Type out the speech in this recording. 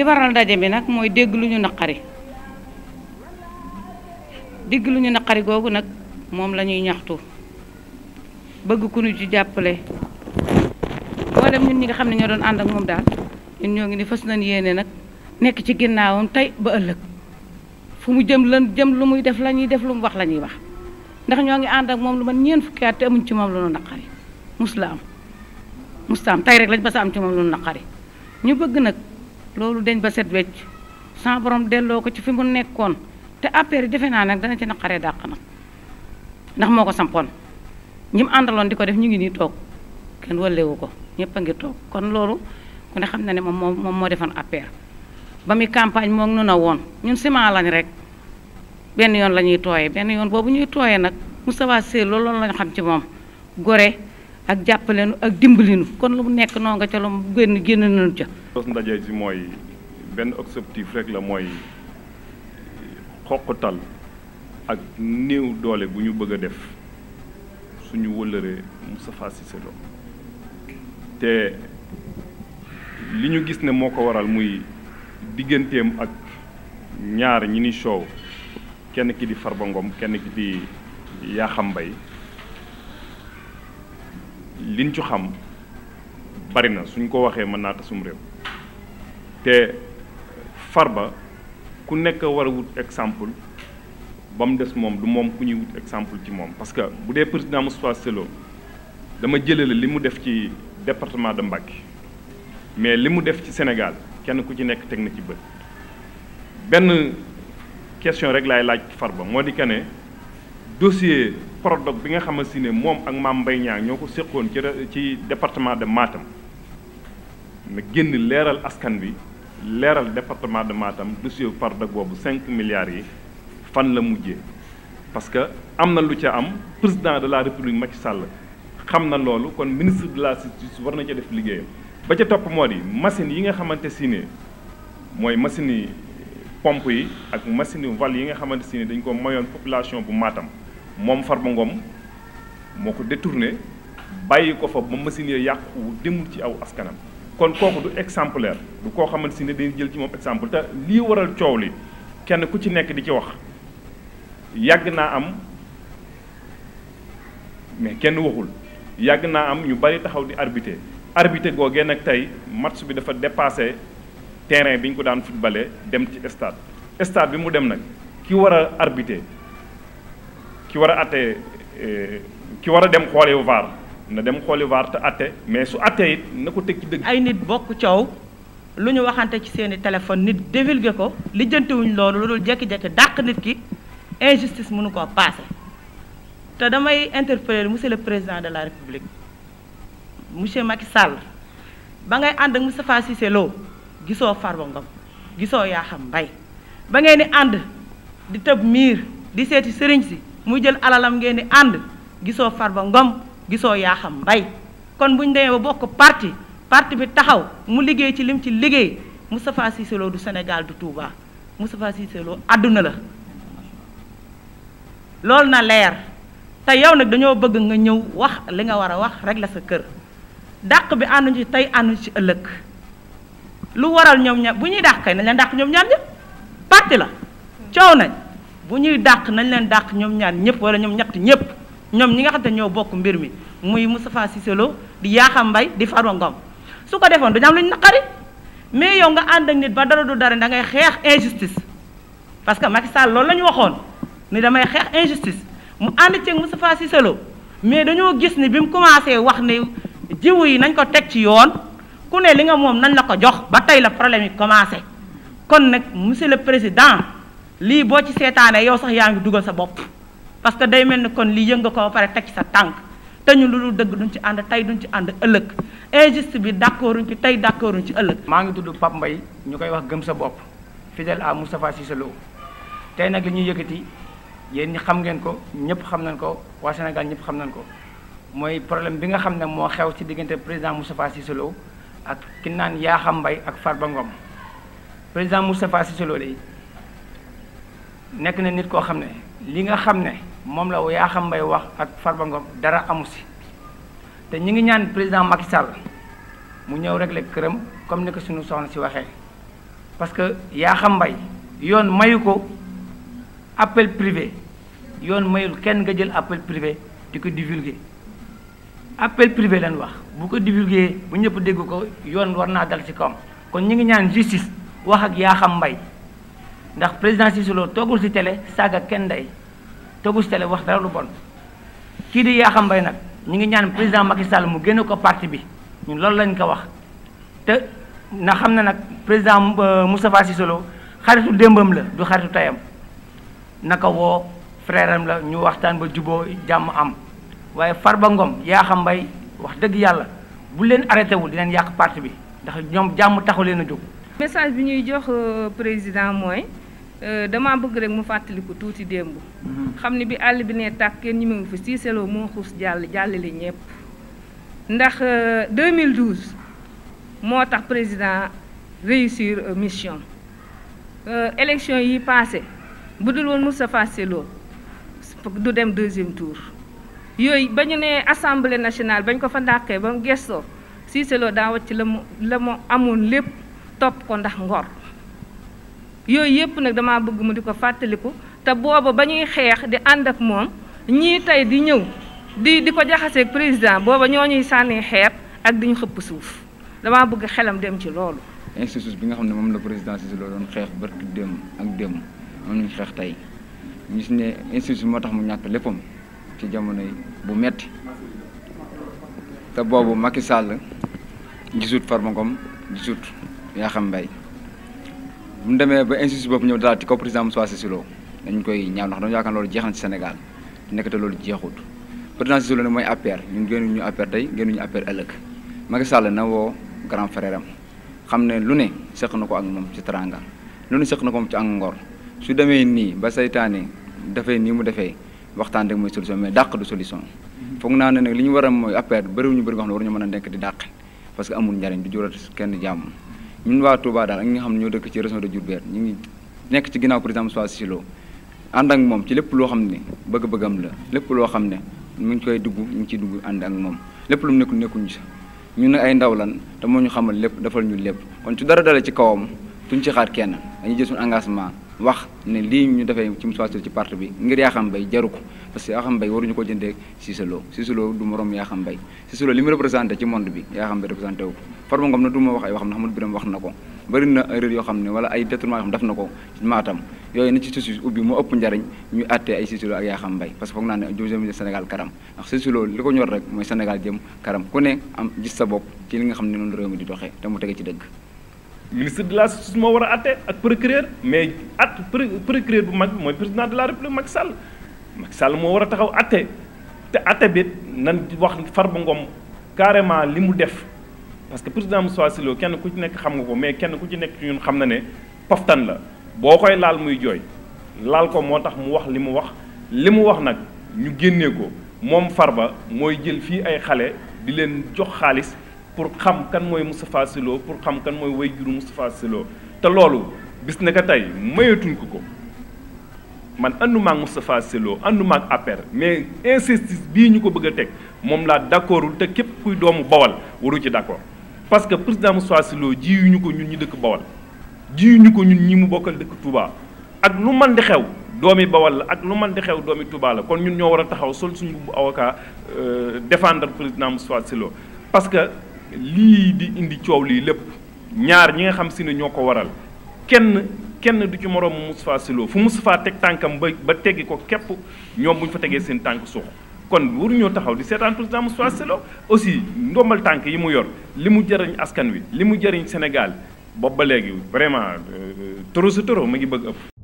li waral daje bi nag mooy dégg lu ñu naqari dégg lu ñu naqari googu nag moom la ñuy ñaxtu bëgg ku ñu ci jàppale mboolem ñun ñi nga xam ne ñoo doon ànd ak moom daal ñun ñoo ngi ni fas nañ yéene nag nekk ci ginnaawam tey ba ëllëg fu mu jëm lan jëm lu muy def la ñuy def lu mu wax la ñuy wax ndax ñoo ngi ànd ak moom lu man ñeen fukki at te amuñ ci moom lu ñu naqari mus la am mus la am tey rek lañ ba sa am ci moom lu ñu naqari ñu bëgg nag loolu dañ ba set wecc sans borom delloo ko ci fi mu nekkoon te affaire yi defe naa nag dana ci naqaree dàq nag ndax moo ko sampoon ñi àndaloon di ko def ñu ngi nii toog kenn wallewu ko ñëpp a ngi toog kon loolu ku ne xam na ne moom moo moom moo defoon affaire ba muy campagne moo nu na woon ñun ciment lañ rek benn yoon la ñuy tooyee benn yoon boobu ñuy tooyee nag Moustapha Cissé loolu loolu lañu xam ci moom gore ak jàppalenu ak dimbalinu kon lu mu nekk noo nga ca lu mu génn génn nañu ca. tos ndaje si mooy benn objectif rek la mooy xoqatal ak néew doole bu ñu bëgg a def suñu wëllëree Moustapha Cissé Lo te li ñu gis ne moo ko waral muy digganteem ak ñaar ñi ni soow kenn ki di Farba Ngom kenn ki di Yaxam Mbaye liñ ci xam bari na suñ ko waxee mën naa tasum réew te Farba ku nekk war a wut exemple ba mu des moom du moom ku ñuy wut exemple ci moom parce que bu dee président Moustapha Cissé dama jëlale li mu def ci département de Mbacké mais li mu def ci Sénégal kenn ku ci nekk teg na ci bët benn question rek lay laaj far ba moo di que ne dossier PRODAC bi nga xamante ne moom ak Mame Mbaye Niang ñoo ko séqoon ci ci département de maatam nga génn leeral askan bi leeral département de maatam Matam dossier PRODAC boobu cinq milliards yi fan la mujjee parce que am na lu ca am président de la république Macky Sall xam na loolu kon ministre de la justice war na ca def liggéeyam ba ca topp moo yi machines yi nga xamante si ne mooy machines yi pompe yi ak machine yu val yi nga xamante si ne dañ ko mayoon population bu Matam moom Farba ngoom moo ko détourné bàyyi ko fa ba machine ya yàqu demul ci aw askanam kon kooku du exemplaire du koo xamante si ne dañuy jël ci moom exemple te lii waral coow li kenn ku ci nekk di ci wax yàgg naa am mais kenn waxul yàgg naa am ñu bari taxaw di arbitrer arbitrer googee nag tey match bi dafa dépassé terrain bi ñu ko daan footballé dem ci stade stade bi mu dem nag ki war a arbitrer ki war a atte eh, ki war a dem xoolewu vaar na dem xooli vaar te atte mais su atte it na ko teg ci dëgg. ay nit bokk coow lu ñu waxante ci seeni téléphone nit divulgué ko lijjantiwuñ loolu lu dul jékki-jékki dàq nit ki injustice mënu ko paase. te damay interpeller monsieur le président de la république monsieur Macky sàll ba ngay ànd ak Moustapha Cissé Lo gisoo Farba Ngom gisoo ba ngeen di ànd di tëb miir di seeti sëriñ si. mu jël alalam ngeen di ànd gisoo Farba Ngom gisoo Yakham mbay kon buñ dee ba bokk parti parti bi taxaw mu liggéey ci lim ci liggéey Moustapha Cissé Lo du Sénégal du Touba Moustapha Cissé Lo àdduna la loolu na leer te yow nag dañoo bëgg nga ñëw wax li nga war a wax rek la sa kër dàq bi ànduñu ci tey ànduñu ci ëllëg lu waral ñoom ña bu ñuy dàq kay nañ leen dàq ñoom ñaar ñëpp parti la coow nañ bu ñuy dàq nañ leen dàq ñoom ñaar ñëpp wala ñoom ñett ñëpp ñoom ñi nga xam te ñoo bokk mbir mi muy Moustapha Cissé Lo di Yakham Mbaye di Farba Ngom su ko defoon du ñu am lu ñu naqari mais yow nga ànd ak nit ba dara du dara da ngay xeex injustice parce que Macky Sall loolu la ñu waxoon ni damay xeex injustice mu ànd ceeg Moustapha Cissé Lo mais dañoo gis ni bi mu commencé wax ni jiwu yi nañ ko teg ci yoon ku ne li nga moom nañ la ko jox ba tey la problème yi commencé kon nag monsieur le président lii boo ci seetaanee yow sax yaa ngi dugal sa bopp parce que day mel ni kon lii yënga ko ba pare teg ci sa tànk te ñu lu lu dëgg duñ ci ànd tey duñ ci ànd ëllëg injuste bi d'accorduñ ci tey d'accorduñ ci ëllëg. maa ngi tudd Pape mbay ñu koy wax gëm sa bopp fidèle à Moustapha Cissé tey nag li ñuy yëkkati yéen ñi xam ngeen ko ñëpp xam nañ ko waa Sénégal ñëpp xam nañ ko mooy problème bi nga xam ne moo xew ci diggante président Moustapha Cissé ak ki naan Yakham Mbaye ak Farba président Moustapha Cissé Lo nekk na nit koo xam ne li nga xam ne moom la yaa xam mbay wax ak Farba dara amu si te ñu ngi ñaan président Macky Sall mu ñëw régler këram comme ni ko suñu soxna si waxee parce que yaa xam mbay yoon mayu ko appel privé yoon mayul kenn nga jël appel privé di ko divulguer appel privé lañ wax bu ko divulguer bu ñëpp dégg ko yoon war naa dal ci kawam kon ñu ngi ñaan justice wax ak yaa xam mbay ndax président Cissé Lo toogul ci télé saaga kenn day toogul si télé wax dara lu bon kii di Yakham Mbaye nag ñu ngi ñaan président Macky Sall mu génne ko parti bi ñun loolu lañ ko wax te na xam na nag président euh, Moustapha Cissé Lo xaritu démbam la du xaritu tayam naka woo frère la ñu waxtaan ba juboo jàmm am waaye far ba ngoom Yakham Mbaye wax dëgg yàlla bu leen arrêté wul dinañ yàq parti bi ndax ñoom jàmm taxu leen a jóg message bi ñuy jox euh, président mooy Euh, dama bëgg rek mu fàttaliku tuuti démb. Mhm. xam ne bi àll bi ne tàkk kenn ñi mu ngi fa siiseloo moo xuus jàll jàllale ñëpp. ndax 2012 euh, moo tax président réussir euh, mission élection yi passé bu dul woon Moustapha Cissé du dem deuxième tour yooyu ba ñu ne assemblée nationale bañ ko fa ndàkkee ba mu gestoo Cissé daa wàcc la mu la mu amoon lépp topp ko ndax ngor. yooyu yëpp nag damaa bëgg mu di ko fàttaliku te booba ba ñuy xeex di ànd ak moom ñii tey di ñëw di di ko jaxaseeg président booba ñoo ñuy sànni xeer ak di ñu xëpp suuf damaa bëgg xelam dem ci loolu. institut bi nga xam ne moom la président si loolu doon xeex barki démb ak démb moom la ñu xeex tey ñu si ne institut moo tax mu ñàkk léppam ci jamono yi bu metti te boobu Macky Sall gisut Farba Ngom gisut yaa xam mbay bu mu demee ba injustice boobu ñëw dalaat ci kaw président Moussa Cissé Lo dañ koy ñaaw ndax dañu yaakaar loolu jeex na ci Sénégal nekk te loolu jeexut président Cissé Lo ne mooy APR ñun génnuñu APR tey génnuñu APR ëllëg Macky Sall na woo grand frère am xam ne lu ne seq na ko ak moom ci teranga lu ne seq na ko moom ci ak su demee nii ba saytaane dafay nii mu defee waxtaan rek mooy solution mais dàq du solution foog naa ne nag li ñu war a mooy APR bëriwuñu bëri nga xam ne mën a nekk di dàq parce que amul njariñ du jural kenn jàmm ñun waa Touba daal ak ñi nga xam ne ñoo dëkk ci région de Diourbel ñu ngi nekk ci ginnaaw président Moussa Silo ànd ak moom ci lépp loo xam ne bëgg-bëggam la lépp loo xam ne mu ngi koy dugg ñu ngi ciy dugg ànd ak moom lépp lu mu nekkul nekkuñu sa ñun nag ay ndaw lan te moo ñu xamal lépp defal ñu lépp kon ci dara dalee ci kawam duñ ci xaar kenn dañu jël suñu engagement wax ne lii ñu defee ci part Touré ci parti bi ngir Yakham Mbaye jaru ko parce que waruñu ko jëndee Cissé Lo Cissé Lo du morom Yakham Mbaye Cissé Lo li mu représenté ci monde bi Yakham Mbaye représenté wu Farba Ngom na du ma wax ay waxam ne Amadou Birame wax na ko bëri na erreur yoo xam ne wala ay détournement yoo xam def na ko maatam yooyu na ci suuf ubbi mu ëpp njariñ ñu àttee ay Cissé Lo ak Yakham Mbaye parce foog naa ne jëm Sénégal karam ndax mooy Sénégal jëm karam ku ne am gis sa bopp ci nga xam ne noonu réew te mu tege ci dëgg ministre de la justice moo war a atte ak procureur mais at procureur bu mag mooy président de la république Macky Sall Macky Sall moo war a taxaw atte te atte bi nan wax far bu ngoom carrément li mu def parce que président Moussa Silo kenn ku ci nekk xam nga ko mais kenn ku ci nekk ci ñun xam na ne poftan la boo koy laal muy jooy laal ko moo tax mu wax li mu wax li mu wax nag ñu génnee ko moom far ba mooy jël fii ay xale di leen jox xaalis pour xam kan mooy Moustapha Sylo pour xam kan mooy wayjuru Moustapha Sylo te loolu bis na ka tey mayatuñ ko ko man ànduma ak Moustapha Sylo ànduma ak mais injustice bii ñu ko bëgg a teg moom laa d'accordul te képp kuy doomu Bawal waru ci d'accord parce que président Moustapha Sylo ñu ko ñun ñi dëkk Bawal jiyuñu ko ñun ñi mu bokkal dëkk Touba ak lu man di xew doomi Bawal la ak lu man di xew doomi Touba la kon ñun ñoo war a taxaw sol suñu mbubb avocat euh, défendre président Moustapha Sylo parce lii di indi coow lii lépp ñaar ñi nga xam si ne ñoo ko waral kenn kenn du ci moroomu Moustapha Sylo fu Moustapha teg tànkam ba ba teggi ko képp ñoom bu ñu fa tegee seen tànk suux kon waruñoo taxaw di seetaan président Moustapha Sylo aussi ndombal tànk yi mu yor li mu jëriñ askan wi li mu jëriñ Sénégal boobu ba léegi vraiment euh, euh, trop c'est trop mu ngi bëgg ëpp.